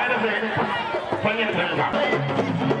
前田選手、3年生か。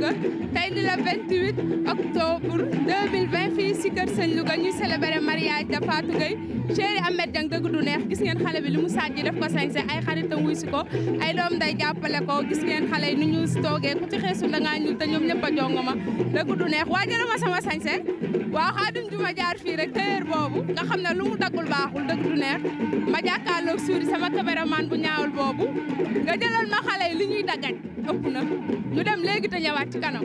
Louga tey di la 28 octobre 2020 fii si kër Sëñ Louga ñu célébrer chéri Ameth Dieng dëgg du neex gis ngeen xalé bi limu mu def ko sañse ay xaritam wuy si ko ay doom day jappale ko gis ngeen xalé ni ñu toogee ku ci xeesul da nga ñu te ñom ñepp a jongo ma du neex waajal ma sama sañse waaw xadim juma jaar fi rek teer bobu nga xamne lu mu dagul baaxul dëgg du neex ma jàkkaarloog suuri sama cameraman bu ñaawul bobu nga jëlal ma xalé li ñuy daggaj ëpp na ñu dem léegi te ñëwaat ci kanam